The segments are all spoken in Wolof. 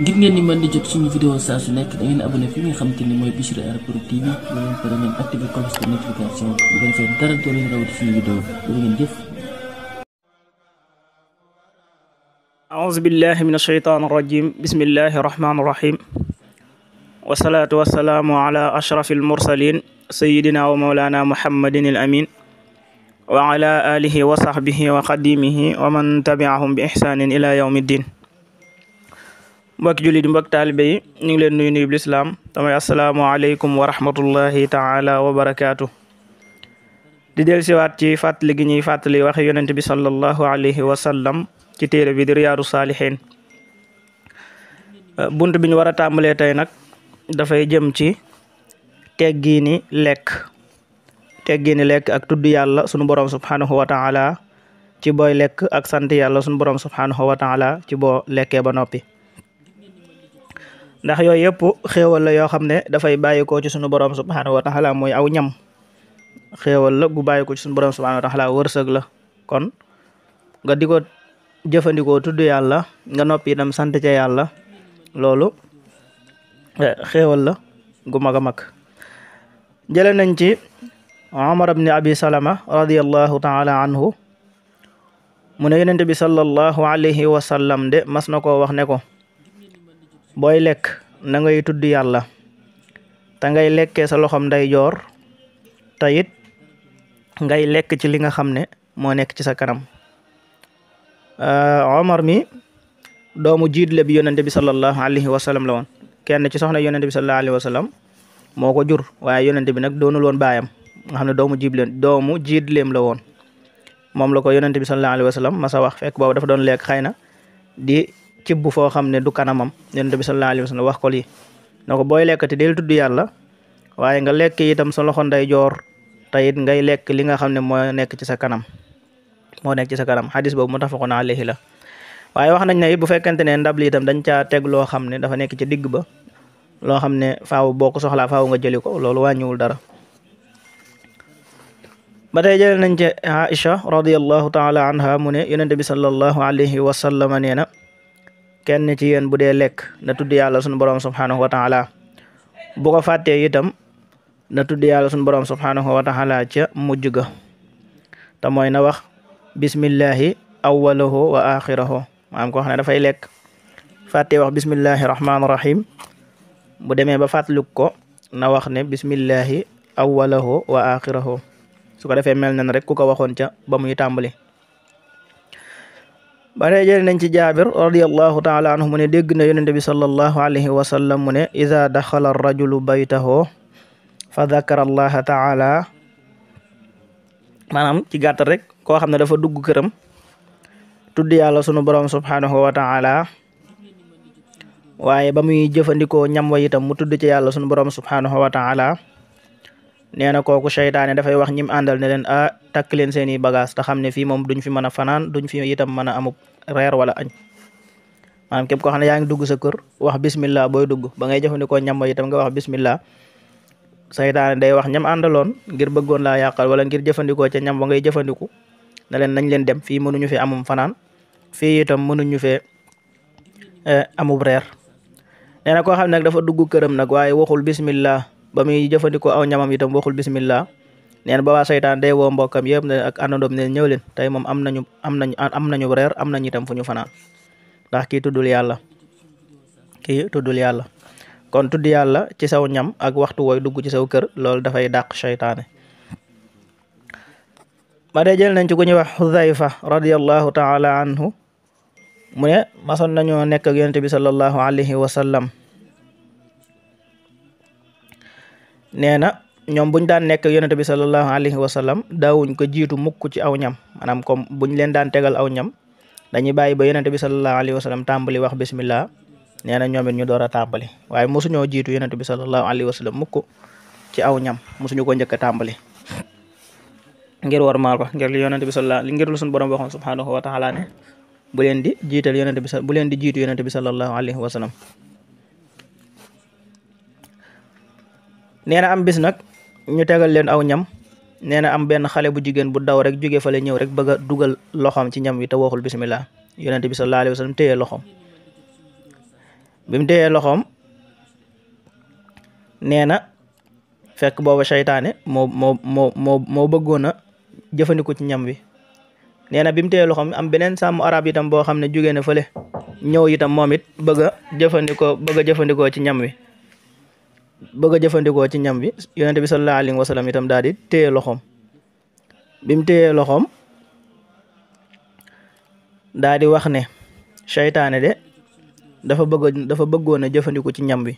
ngir ngeen ni mën di jot suñu vidéo saa su nekk da ngeen abonné fi nga xam te ni mooy Bichri Airport TV ba ngeen pare ngeen activé cloche de notification bu ko defee dara doo leen rawati suñu vidéo doo ngeen jëf aouzu billahi min ashaytan arrajim bismillahi arrahmani arrahim wasalaatu wasalaamu ala ashrafi almursalin sayidina wa maulana muhammadin al amin wa ala alihi wa sahbihi wa qadimihi wa man tabiahum bi ihsanin ila yawmi ddin mbokki julli di mbokk taalibe yi ñu ngi leen nuyu nuyu bi lislaam damay asalaamaaleykum wa rahmatullahi di del siwaat ci fàttali gi ñuy fàttali waxe yonent bi sallallahu alayhi wa sallam ci téere bi di riyaadu euh, bunt bi ñu war a tàmbalee tey nag dafay jëm ci teggiini lekk teggiini lekk ak tudd yàlla sunu borom subhanahu wa taala ci booy lekk ak sant yàlla sunu borom subhanahu wa taala ci boo lekkee ba noppi ndax yooyu yëpp xéewal la yoo xam ne dafay bàyyi ko ci sunu borom subhanahu wa taala mooy aw ñam xéewal la gu bàyyi ko ci wërsëg la kon nga di ko jëfandikoo tudd yàlla nga noppi itam sant ca yàlla loolu eh, xéewal la gu mag a mag jële nañ ci Umar ibn Abi Salama radiyallahu anhu mu ne yonent bi sallallahu alayhi wa sallam de mas na koo wax ne ko booy lekk na ngay tudd yàlla te ngay lekkee sa loxom ndeyjoor te it ngay lekk ci li nga xam ne moo nekk ci sa kanam euh, Omar mi doomu jiitle bi yonente bi sallallahu alayhi wa sallam la woon kenn ci soxna yonente bi sallallahu alayhi wa sallam moo ko jur waaye yonente bi nag doonul woon baayam nga xam ne doomu jiibleen doomu jiitleem la woon moom la ko yonente bi sallallahu alayhi wa sallam wax fekk boobu dafa doon lekk xëy na cibb foo xam ne du kanamam yonent bi sallallahu alayhi wa sallam wax ko lii na ko booy lekkati del tudd yàlla waaye nga lekk itam sa loxo ndeyjoor te ngay lekk li nga xam ne moo nekk ci sa kanam moo nekk ci sa kanam xadis boobu muttafaqun alayhi la waaye wax nañ ne bu fekkente ne ndab li itam dañ caa teg loo xam ne dafa nekk ci digg ba loo xam ne faaw boo ko soxlaa faaw nga jëli ko loolu wàññiwul dara ba tey jëlee nañ ci Aïcha radiyallahu taala anha mu ne yonent bi sallallahu alayhi kenn ci yéen bu dee lekk na tudd yàlla sunu borom subhanahu wa taala bu ko fàttee itam na tudd yàlla sunu borom subhanahu wa taala ca mujj ga te mooy na wax bismillahi awwalahu wa axirahu maanaam koo xam ne dafay lekk fàttee wax bismillahi rahmaani rahim bu demee ba fàttaliku ko na wax ne bismillahi awwalahu wa axirahu su ko defee mel na rek ku ko waxoon ca ba muy tàmbali bare jële nañ ci jaabir radiallahu taala anhu mu ne dégg na yonente bi sallallahu alayhi wa sallam mu ne ida daxala rajulu baytahu fa dakara allaha taala maanaam ci gàttal rek koo xam ne dafa dugg këram tudd yàlla sunu borom subhanahu wa taala waaye ba muy jëfandikoo ñam wa mu tudd ci yàlla sunu borom subhanahu wa taala nee na kooku seytaane dafay wax ñim àndal ne leen a ah, takk leen seeni bagage te xam ne fii moom duñ fi mën a fanaan duñ fi itam mën a amub reer wala añ maanaam képp koo xam ne yaa ngi dugg sa kër wax bismillah booy dugg ba ngay jëfandikoo ñam itam nga wax bismillah saytaane day wax ñam àndaloon ngir bëggoon laa yàqal wala ngir jëfandikoo ca ñam ngay jëfandiku ne leen nañ leen dem fii mënuñu fi amum fanaan fii itam mënuñu fee eh, amub reer nee na xam ne dafa dugg këram nag waaye waxul bismillah ba muy jëfandikoo aw ñamam itam waxul bismillah neen ba waa seytaan day woo mbokkam yëpp ne ak àndandoom ne ñëw leen tey moom am nañu am nañu am nañu reer am nañu itam fu ñu fanaan ndax kii tuddul yàlla kii tuddul yàlla kon tudd yàlla ci saw ñam ak waxtu wooy dugg ci saw kër loolu dafay dàq seytaane ba dee jël nañ ci ku ñuy wax Xudayfa radiallahu taala anhu mu ne masoon nañoo nekk ak yonente bi sallallahu alayhi wa sallam nee na ñoom buñ daan nekk yonente bi sallallahu alayhi wa sallam daawuñ ko jiitu mukk ci aw ñam maanaam comme buñ leen daan tegal aw ñam dañuy bàyyi ba yonente bi sallallahu alayhi wa sallam tàmbali wax bismillah nee na ñoom it ñu door a tàmbali waaye mosuñoo jiitu yonente bi sallallahu alayhi wa sallam mukk ci aw ñam mosuñu ko njëkk a tàmbali ngir war maal ko ngir li yonente bi sallallahu ngir lu suñu bu leen di jiital yonente bi bu leen di jiitu yonente bi sallallahu alayhi wa sallam nee na am bis nag ñu tegal leen aw ñam nee na am benn xale bu jigéen bu daw rek jóge fale ñëw rek bëgg dugal loxoom ci ñam wi te waxul bisimilah yonente bi sallallahu alayhi wa sallam téyee loxoom bi mu loxoom nee na fekk booba seytaane moo moo moo bëggoon a jëfandiku ci ñam wi nee na bi mu téye loxoom am beneen sàmm arab itam boo xam ne jógee na fële ñëw itam moom it bëgg a jëfandikoo bëgg jëfandikoo ci ñam wi bëgg a jëfandikoo ci ñam bi yonente bi sallallahu alayhi wa sallam itam daal di téye loxoom bi mu téyee loxoom daal di wax ne seytaane de dafa bëgg dafa bëggoon a jëfandiku ci ñam bi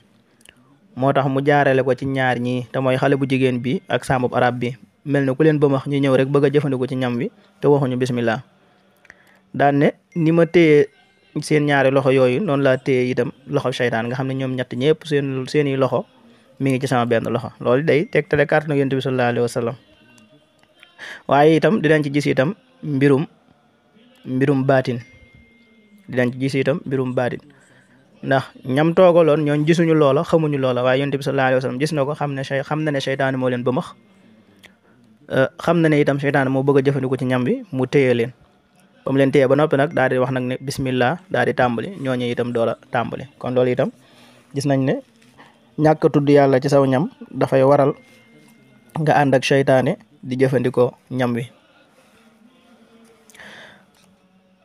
moo tax mu jaarale ko ci ñaar ñii te mooy xale bu jigéen bi ak saamub arab bi mel ne ku leen bëmax ñi ñëw rek bëgg a jëfandiku ci ñam bi te waxuñu bismillah daan ne ni ma téye seen ñaari loxo yooyu noonu laa téye itam loxo seytaan nga xam ne ñoom ñett ñëpp seen seeni loxo mi ngi ci sama benn loxo loolu day tegtale kàttanu yonent bi sallallahu alayhi wa sallam waaye itam dañ ci gis itam mbirum mbirum baatin dinañ ci gis itam mbirum baatin ndax ñam toogaloon ñooñ gisuñu loola xamuñu loola waaye yonent bi sallallahu alayhi wa sallam gis na xam ne sey xam moo leen ba max xam na ne itam seytaane moo bëgg a jëfandiku ci ñam bi mu téye leen ba mu leen téye ba noppi nag daal di wax nag ne bismillah daal di tàmbali ñooñu itam doola tàmbali kon loolu itam gis nañ ne ñàkk tudd yàlla ci saw ñam dafay waral nga ànd ak seytaane di jëfandikoo ñam wi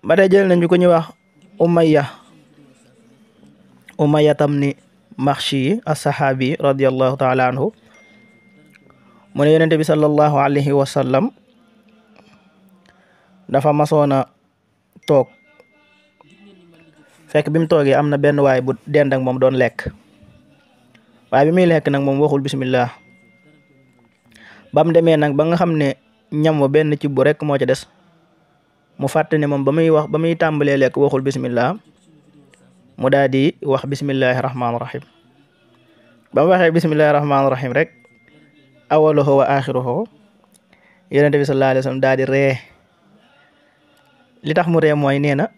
ba tey jël nañu ko ñuy wax umayya umayya tam ni maxshi yi asahaabi yi radiallahu taala anhu mu ne yonente bi sallallahu alayhi wa sallam dafa masoona toog fekk bi mu toogee am na benn waay bu dend ak moom doon lekk waaye bi muy lekk nag moom waxul bismillah ba demee nag ba nga xam ne ñam wa benn ci bu rek moo ca des mu fàtte ne moom ba muy wax ba muy tàmbalee lekk waxul bismillah mu daal di wax bismillahi rahmaani rahim ba mu waxee bismillahi rahmaani rahim rek awaluhu wa axiruhu yonente bi sallallahu alayhi wa sallam daal di ree tax mu ree mooy nee na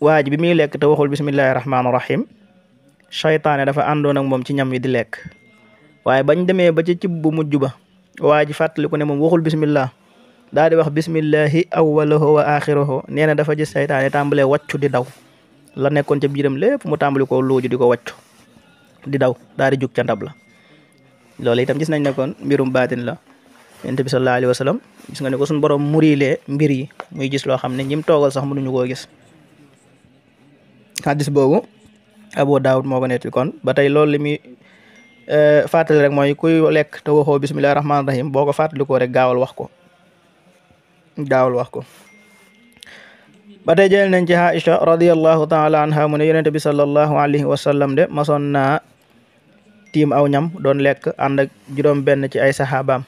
waa ji bi muy lekk te waxul bismillahi rahmaani rahim seytaane dafa àndoon ak moom ci ñam wi di lekk waaye bañ demee ba ci cib bu mujj ba waa ji fàttaliku ne moom waxul bismillah daal di wax bismillahi awwaluhu wa axirahu nee na dafa gis seytaane tàmbalee wàccu di daw la nekkoon ci biiram lépp mu tàmbali ko looju di ko wàccu di daw daal di ca ndab la loolu itam gis nañ ne kon mbirum baatin la yonent bi sallallahu alayhi wa sallam gis nga ne ko suñu borom murilee mbir yi muy gis loo xam ne ñim toogal sax mënuñu koo gis hadis Abu Daawud moo ko nettali kon ba tey loolu li muy euh, fàttali rek mooy kuy lekk te waxoo bisimilah rahmaani rahim boo ko fàttalikoo rek gaawal wax ko gaawal wax ko. ba tey jël nañ ci Aïcha radiyallahu taala anha mu ne yonente bi sallallahu alayhi wa sallam de masoon naa tiim aw ñam doon lekk ànd ak ci ay saxaabaam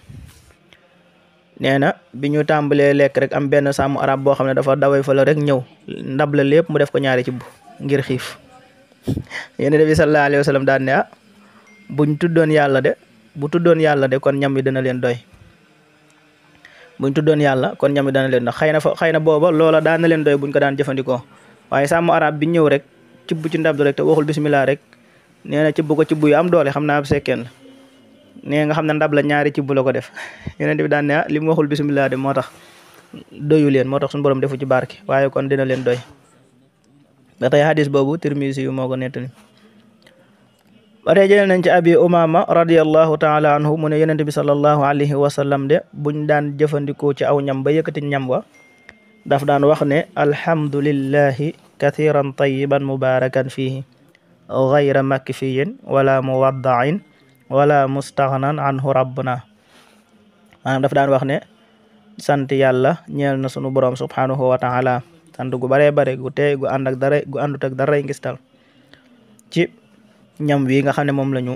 nee na bi ñu tàmbalee lekk rek am benn sàmm arab boo xam ne dafa daway fa rek ñëw ndab la lépp mu def ko ñaari cib ngir xiif yonent bi sallallahu alayhi wa sallam daan ne ah, buñ tuddoon yàlla de bu tuddoon yàlla de kon ñam wi dana leen doy buñ tuddoon yàlla kon ñam wi dana leen doy xëy na fa xëy na booba loola daan na leen doy buñ ko daan jëfandikoo waaye sàmm araab bi ñëw rek cibb ci ndab rek te waxul bismillah rek nee na cibb ko cibb yu am doole xam naa ab sekkeen la nga xam ne ndab la ñaari cibb la ko def yonent bi daan ne ah, li mu waxul bismillah de moo tax doyu leen moo tax suñu borom defu ci barke waaye kon dina leen doy ba tey xadis boobu tirmisi yu moo ko nettali ba tey jëlee nañ ci abi umama radiallahu taala anhu mu ne yonent bi salallahu alayhi wa de buñ daan jëfandikoo ci aw ñam ba yëkkati ñam daf daan wax ne alhamdulillahi kathiran tayiban mubarakan fihi gayra makfiyin wala muwaddain wala mustaxnan anhu rabbuna maanaam daf daan wax ne sant yàlla ñeel na sunu borom subhanahu wa tànd gu baree bare gu teey gu ànd ak dara gu àndut ak ci ñam wi nga xam ne moom la ñu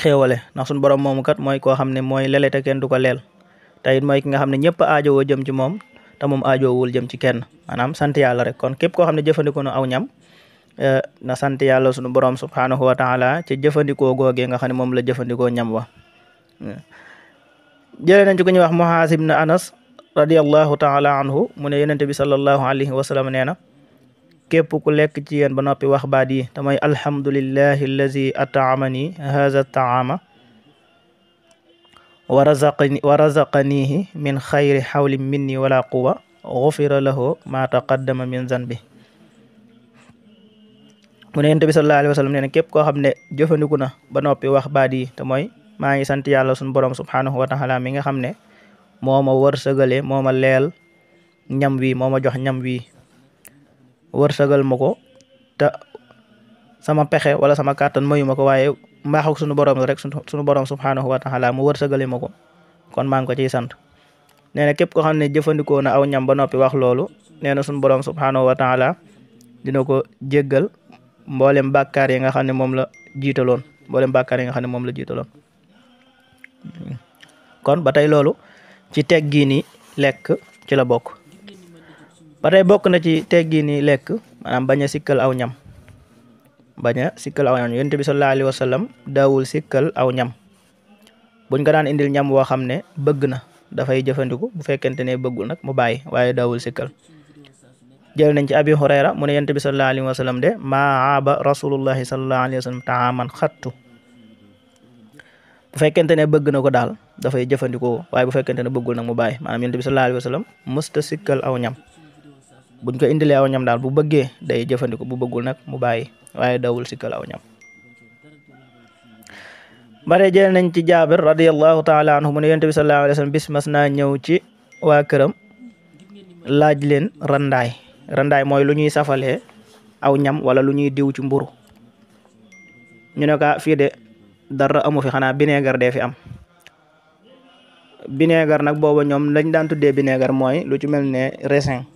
xéewale ndax suñu borom moomu kat mooy koo xam ne mooy lele te kenn du ko leel te it mooy ki nga xam ne ñëpp aajowoo jëm ci moom te moom aajoowul jëm ci kenn maanaam sant yàlla rek kon képp koo xam ne jëfandikoo na aw ñam eh, na sant yàlla suñu borom subhaanahu wa taala ci jëfandikoo googee nga xam ne moom la jëfandikoo ñam wa hmm. Anas radiallahu taala mu ne yenente bi sallallahu alayhi wa sallam nee na képp ku lekk ci ba noppi wax baat yi te mooy alhamdulillahi allazi ataamani haza taama wa razaqani wa razaqanihi min xayri xawli minni wala quwa gufira lahu ma taqaddama min zanbi mu ne yonent bi sallallahu alayhi wa képp koo xam ne jëfandiku na ba noppi wax baat yi te mooy maa ngi sant yàlla suñu borom subhanahu wa xam ne moo ma wërsëgale moo ma leel ñam wii moo ma jox ñam wi wërsëgal ma ko te sama pexe wala sama kàttan mayu ma ko waaye mbaaxuk sunu borom la rek sunu borom subhaanahu wa taala mu wërsëgale ma ko kon maa ngi ko ciy sant nee na képp koo xam ne jëfandikoo na aw ñam ba noppi wax loolu nee na sunu borom subhaanahu wa taala dina ko jéggal mboolem bàkkaar yi nga xam ne moom la jiitaloon mboolem bàkkaar yi nga xam ne moom la jiitaloon kon ba tey loolu ci teggiini lekk ci la bokk ba bokk na ci teggiini lekk maanaam bañ sikkal aw ñam bañ a sikkal aw ñam yonent bi sallallahu alayhi wa daawul sikkal aw ñam buñ ko daan indil ñam woo xam ne bëgg na dafay jëfandiku bu fekkente ne bëggul nag mu bàyyi waaye daawul sikkal jël nañ ci abi hurayra mu ne yonent bi sallallahu alayhi wa sallam de maa aaba rasulullahi sallallahu alayhi wa sallam taaman xattu bu fekkente ne bëgg na ko daal dafay jëfandikoo waaye bu fekkente ne bëggul nag mu bàyyi maanaam yonent bi sallallahu alayhi wa sallam sikkal aw ñam buñ ko indilee aw ñam daal bu bëggee day jëfandikoo bu bëggul nag mu bàyyi waaye dawul sikkal aw ñam bare jël nañ ci jaabir radiallahu taala anhu mu ne yonent bi sallallahu alayhi wa sallam bis mas naa ñëw ci waa këram laaj leen randaay randaay mooy lu ñuy safalee aw ñam wala lu ñuy diw ci mburu ñu ne ko ah, fii dara amu fi xanaa bineegar dee fi am bineegar nag booba ñoom lañ daan tuddee bineegar mooy lu ci mel ne raisin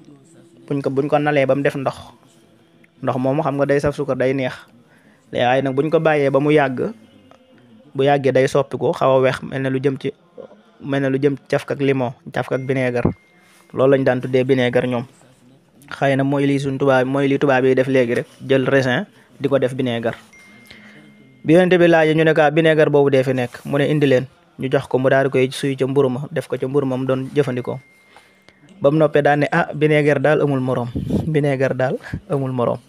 buñ ko buñ ko nalee ba mu def ndox ndox moom xam nga day saf suukar day neex waaye nag buñ ko bàyyee ba mu yàgg bu yàggee day soppi ko xaw a weex mel ne lu jëm ci mel ne lu jëm cafka ak limon cafka ak bineegar loolu lañ daan tuddee bineegar ñoom xëy na mooy lii suñ tubaab mooy lii tubaab yi def léegi rek jël raisin di ko def bineegar bi yonente bi ñu ne ka ah, bineegar dee fi nekk mu ne indi leen ñu jox ko mu daal koy suy ca mburu ma def ko ca mburu ma mu doon jëfandikoo ba noppee daal ne ah bineegar daal amul moroom bineegar daal amul moroom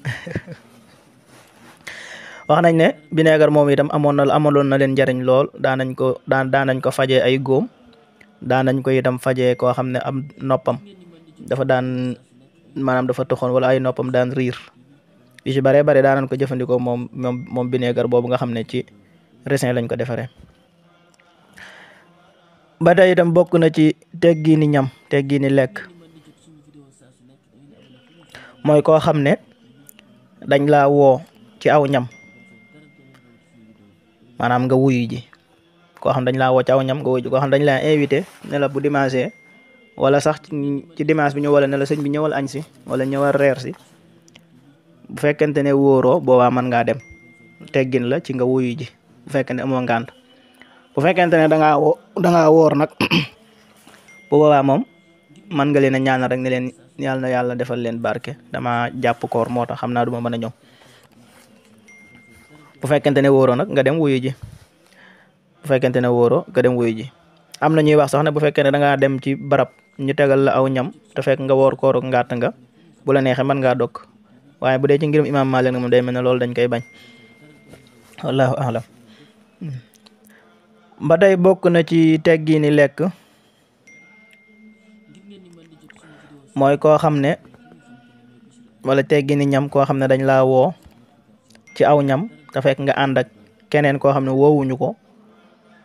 wax nañ ne bineegar moom itam amoon na amaloon na leen njariñ lool daan nañ ko daan daan nañ ko fajee ay góom daan nañ ko itam fajee koo xam ne am noppam dafa daan maanaam dafa toxoon wala ay noppam daan riir yu ci bare bare daanan ko jëfandikoo moom moom moom vinaigre boobu nga xam ne ci resin lañ ko defaree. ba tey itam bokk na ci giini ñam giini lekk mooy koo xam ne dañ laa woo ci aw ñam maanaam nga wuyu ji xam dañ laa woo ci ñam nga wuyu koo dañ laa invité ne bu dimanche wala sax ci dimanche bi ñu wala ne la bi ñëwal añ si wala ñëwal reer si bu fekkente ne wóoroo boobaa mën ngaa dem te gin la ci nga wuyu ji bu fekkente ne amoo ngànt bu fekkente ne da ngaa wóor nag bu boobaa moom mën nga leen a ñaanal rek ne leen yàlla na yàlla defal leen barke dama jàpp koor moo tax xam naa du ma mën a ñëw bu fekkente ne wóoroo nag nga dem wuyu ji bu fekkente ne wóoroo nga dem wuyu ji am na ñuy wax sax ne bu fekkee ne da dem ci barab ñu tegal la aw ñam te fekk nga woor koor ak nga bu la neexee mën ngaa dokk waaye bu dee ci ngirum imaam Malik nag moom day mel ne loolu dañ koy bañ wallahu alam ba bokk na ci teggi ni lekk mooy koo xam ne wala teggi ni ñam koo xam ne dañ laa woo ci aw ñam te fekk nga ànd ak keneen koo xam ne wowuñu ko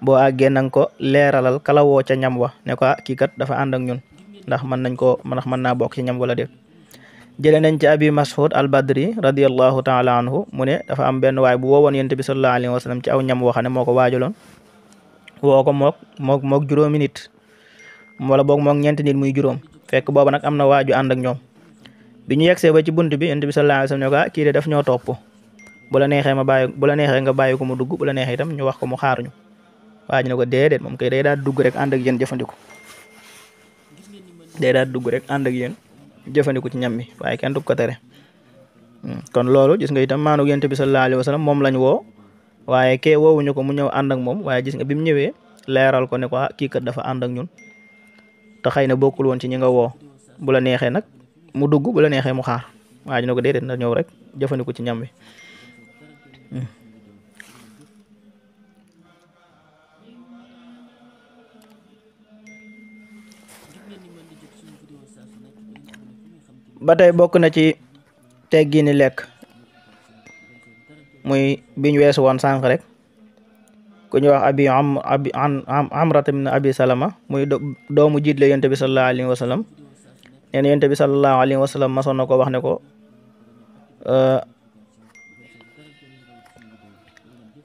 boo àggee na ko leeralal kala woo ca ñam wa ne ko ah, kii dafa ànd ak ñun ndax mën nañ ko ndax mën naa bokk ci ñam wala déet jëlee nañ ci abi mas'ud al badri radiallahu taala anhu mu ne dafa am benn waay bu woowoon yonent bi sallallahu alayhi wa sallam ci aw ñam waxane moo ko waajaloon woo ko mook mook mook juróomi nit wala boog mook ñeenti nit muy juróom fekk booba nag am na waaju ànd ak ñoom bi ñu yegsee ba ci bunt bi yonent bi sallallahu alayhi wa sallam ne ko ah kii de daf ñoo topp bu la neexee ma bàyyi bu la neexee nga bàyyi ko mu dugg bu la neexee itam ñu wax ko mu xaar ñu waaj na ko déedéet moom kay day daal dugg rek ànd ak yéen jëfandiku day daal dugg rek ànd ak yéen jëfandiku ci ñam mi waaye kenn du ko tere hmm. kon loolu gis nga itam maanu yonent bi sallallahu alayhi wa sallam moom lañ woo waaye kee wowuñu ko mu ñëw ànd ak moom waaye gis nga bi mu ñëwee leeral ko ne ko ah, kii kat dafa ànd ak ñun te xëy na bokkul woon ci ñi nga woo la neexee nag mu dugg bu la neexee mu xaar waaye ñu ne ko déedéet na ñëw rek jëfandiku ci ñam bi ba tey bokk na ci te teggiini lekk muy biñ weesu woon sànq rek ko ñu wax abi am abi amrat ibn abi salama muy doomu jiit la yonte bi sallallahu alayhi wa sallam neen yonte bi sallallahu alayhi wa na ko wax ne ko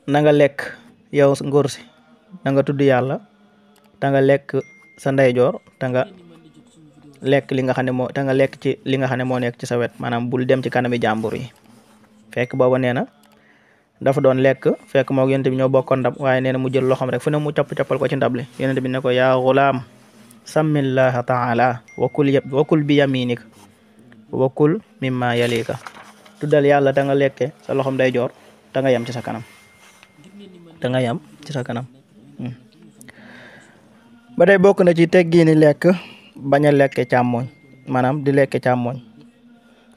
nanga nga lekk yow ngóor si na tudd yàlla ta nga lekk sa ndeyjoor ta lekk li nga xam ne moo te nga lekk ci li nga xam ne moo nekk ci sa wet bul dem ci kanami jàmbur yi fekk booba nee na dafa doon lekk fekk moo yonent bi ñoo bokkoon ndab waaye nee na mu jël loxoom rek fu ne mu capp cappal ko ci ndab li yonent bi ne ko yaa gulaam sammillaha taala wakul y wakul bi yaminika wakul mimma yalika tuddal yàlla da nga lekke sa loxom day joor da nga yem ci sa kanam da nga yem ci sa kanam hmm. ba tey bokk na ci teggiini lekk bañ a lekk càmmoñ maanaam di lekk càmmoñ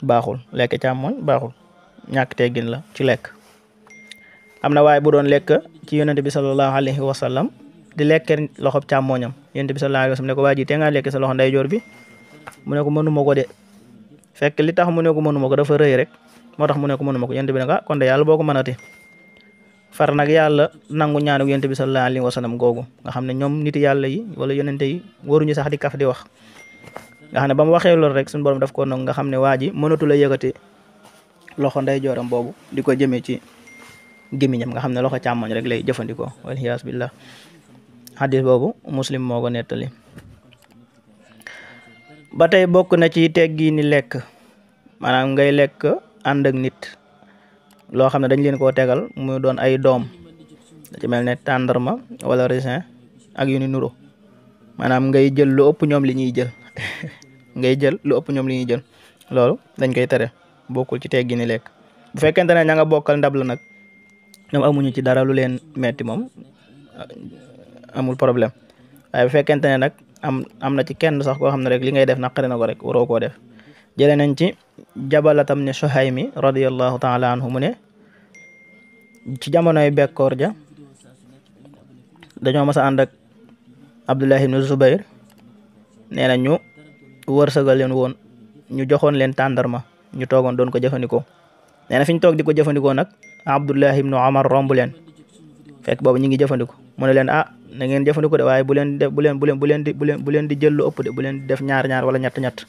baaxul lekk càmmoñ baaxul ñàkk teggin la ci lekk am na waaye bu doon lekk ci yonent bi sallallahu alayhi wa sallam di lekke loxob càmmoñam yonent bi sallallahu alayhi wa ne ko waa te nga lekk sa loxo ndeyjoor bi mu ne ko mënuma ko de fekk li tax mu ne ku ko mënuma ko dafa rëy rek moo tax mu ne ko mënuma ko yonent bi ne ko ah, kon de yàlla boo ko mënati far nag yàlla nangu ñaanu yonent bi sallallahu alayhi wa sallam googu nga xam ne ñoom nit yàlla yi wala yonente yi waruñu sax di kaf di wax nga xam ne ba mu waxee loolu rek suñu borom daf ko nag nga xam ne waa ji mënatu la yëkkati loxo nday jooram boobu di ko jëmee ci gémmiñam nga xam ne loxo càmmoñ rek lay jëfandikoo walhiyaas billah xadis boobu muslim moo ko nettali ba tey bokk na ci teggi ni lekk maanaam ngay lekk ànd ak nit loo xam ne dañ leen koo tegal muy doon ay doom da ci mel ne tàndarma wala raisin ak yu ni nuro maanaam ngay jël lu ëpp ñoom li ñuy jël ngay jël lu ëpp ñoom li ñuy jël loolu dañ koy tere bokkul ci teggini lekk bu fekkente ne ña nga bokkal ndab la nag ñoom amuñu ci dara lu leen metti moom amul problème waaye bu ne nag am am na ci kenn sax koo xam ne rek li ngay def naqari na ko rek waroo koo def jëlee nañ ci jabalatam ne Suhaymi radiyallahu taala anhu mu ne ci jamonoy bekkoor ja dañoo mas a ànd ak Abdullah ibn Zubair nee na ñu wërsëgal leen woon ñu joxoon leen tàndarma ñu toogoon doon ko jëfandikoo nee na fi ñu toog di ko jëfandikoo nag Abdullah ibn Omar romb leen fekk boobu ñu ngi jëfandikoo mu ne leen ah na ngeen jëfandikoo de waaye bu leen de bu leen bu bu leen di bu leen leen di jël lu de bu leen di def ñaar ñaar wala ñett ñett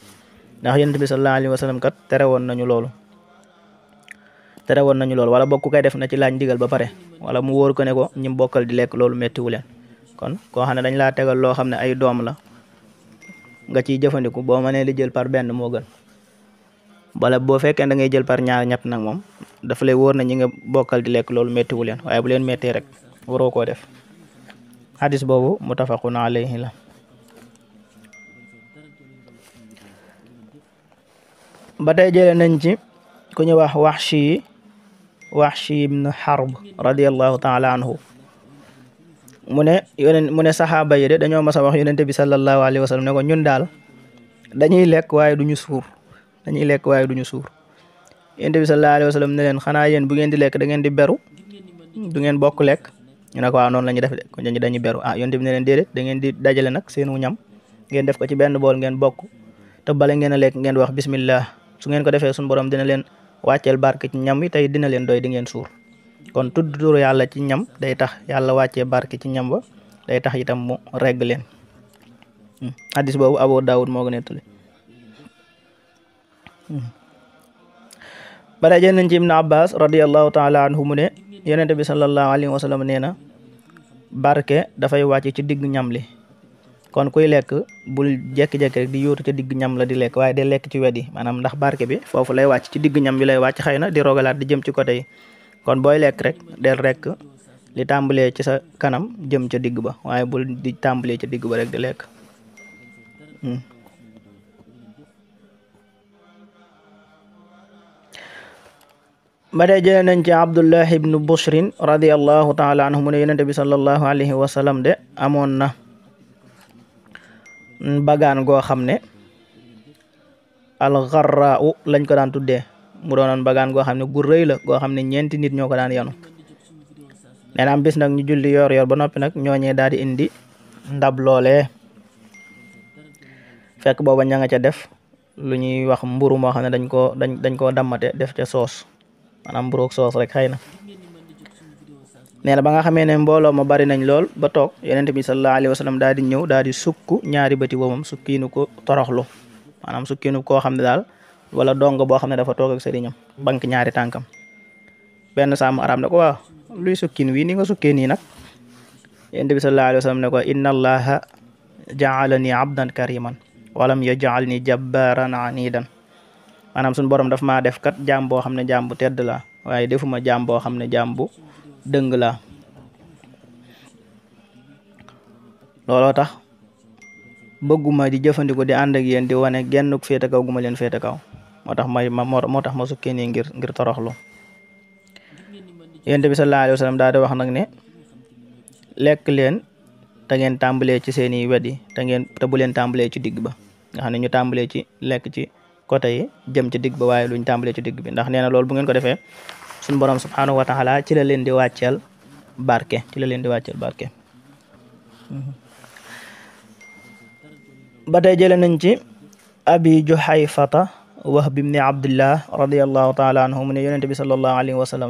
ndax yonent bi sallallahu alayhi wa sallam kat tere woon nañu loolu tere woon nañu loolu wala bokk koy def na ci laaj ndigal ba pare wala mu wóor ko ne ko ñim bokkal di lekk loolu méttiwu leen kon koo xam ne dañ laa tegal loo xam ne ay doom la nga ciy jëfandiku boo mënee di jël par benn moo gën boo fekkee da ngay jël par ñaar ñett nag moom lay wóor na ñi nga bokkal di lekk loolu méttiwu leen waaye bu leen méttee rek waroo koo def hadis boobu mutafaqun alayhi la ba tey jëlee nañ ci ku ñu wax Wahshi Wahshi ibn Harb radiyallahu taala anhu mu ne yonen mu ne saxaaba yi de dañoo mas a wax yonente bi sallallahu alayhi wa sallam ne ko ñun daal dañuy lekk waaye duñu suur dañuy lekk waaye duñu suur yonente bi sallallahu alayhi wa ne leen xanaa yéen bu ngeen di lekk da ngeen di beru du ngeen bokk lekk ñu ne wa waaw lañu la ñuy def de ko dañu dañuy beru ah ne leen déedéet da ngeen di dajale nag seenu ñam ngeen def ko ci benn bool ngeen bokk te bale ngeen lekk ngeen wax bismillah su ngeen ko defee suñu borom dina leen wàcceel barke ci ñam yi tey dina leen doy di ngeen suur kon tudd turu yàlla ci ñam day tax yàlla wàccee barke ci ñam ba day tax itam mu regg leen hmm. hadis boobu Abu Daawud moo ko nettali hmm. bare jël nañ ci Ibnu Abbas radiallahu taala anhu mu ne yonente bi sallallahu alayhi wa nee na barke dafay wàcc ci digg ñam li kon kuy lekk bul jekki-jekki rek di yóotu ca digg ñam la di lekk waaye de lekk ci wet yi maanaam ndax barke bi foofu lay wàcc ci digg ñam bi lay wàcc xëy na di rogalaat di jëm ci côté yi kon booy lekk rek del rek li tàmbalee ci sa kanam jëm ca digg ba waaye bul di tàmbalee ca digg ba rek di lekk hmm. ba tey jëlee nañ ci abdullah ibnu bushrin radiallahu taala anhu mu ne yonente bi sallallahu alayhi wa de amoon na bagaan goo xam ne alxarraa u lañ ko daan tuddee mu doonoon bagaan goo xam ne gu rëy la xam ne ñeenti nit ñoo ko daan yanu nee na nag ñu julli yor yor ba noppi nag ñooñee daal di indi ndab loolee fekk booba ña nga ca def lu ñuy wax mburu moo xam ne dañ koo dañ dañ koo dammate def ca soos maanaam mburu soos rek xëy na nee na ba nga xamee ne mbooloo ma bari nañ lool ba toog yonent bi sallallahu alayhi wa sallam daal di ñëw daal di sukk ñaari bëti woomam sukkiinu ko toroxlu maanaam sukkiinu koo xam ne daal wala dong boo xam ne dafa toog ak sëriñam bank ñaari tànkam benn sàmm arab ne ko waaw luy nii nag yonent bi sallallahu alayhi wa sallam ne ko inna allaha ja'alani abdan kariman walam yaj'alni jabbaran anidan maanaam suñu borom daf maa def kat jaam boo xam ne jaam bu tedd la waaye defuma jaam boo xam ne jaam dëng laa looloo tax bëgguma di jëfandikoo di ànd ak yéen di wane genn féete kaw gu ma leen féete kaw moo tax may ma moo tax ma sukkee nii ngir ngir toroxlu yonent bi sallallahu alayhi wa sallam daal di wax nag ne lekk leen te ngeen tàmbalee ci seeni wet yi te ngeen te bu leen tàmbalee ci digg ba nga ne ñu tàmbalee ci lekk ci côté yi jëm ci digg ba waaye luñ tàmbalee ci digg bi ndax neena na loolu bu ngeen ko defee suñ borom subhanahu wa taala ci la leen di wàcceel barke la leen di wàcceel barke ba te jële nañ ci abi juhayfata wahb ibni abdillah radiallahu taala anhu mu ne yonente bi salallahu alayhi wa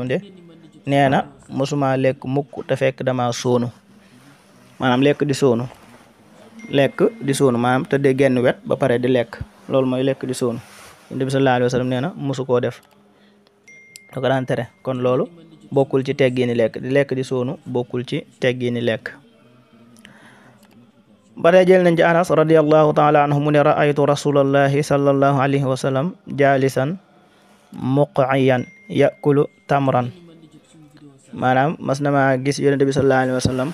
nee na mosuma lekk mukk te fekk dama soonu maanaam lekk di soonu lekk di soonu maanaam te de genn wet ba pare di lekk loolu mooy lekk di soonu yonente bi salallahu alayhi wa nee na mosu def ak rentré kon loolu bokkul ci teggiini lekk di lekk di suunu ci teggiini lekk ba tey jël nañ anas radiallahu taala anhu mu ne raaytu rasulallahi sallallahu alayhi wa sallam jaalisan muqiyan yakulu tamran maanaam mas namaa gis yonente bi sallallahu alayhi wa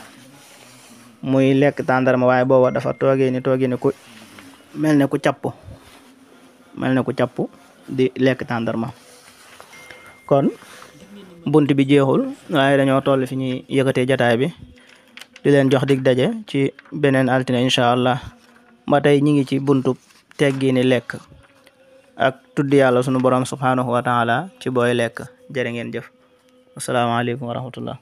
muy lekk tàndarma waaye booba dafa toogee ni toogee ni ku mel ne ku capp di lekk tàndarma kon bunt bi jeexul waaye dañoo toll fi ñuy yëkkatee jataay bi di leen jox dig daje ci beneen altine incha allah ba tey ñi ngi ci buntub teggiini lekk ak tudd yàlla sunu borom subhanahu wa taala ci booy lekk jërë ngeen jëf asalaamaaleykum wa rahmatullah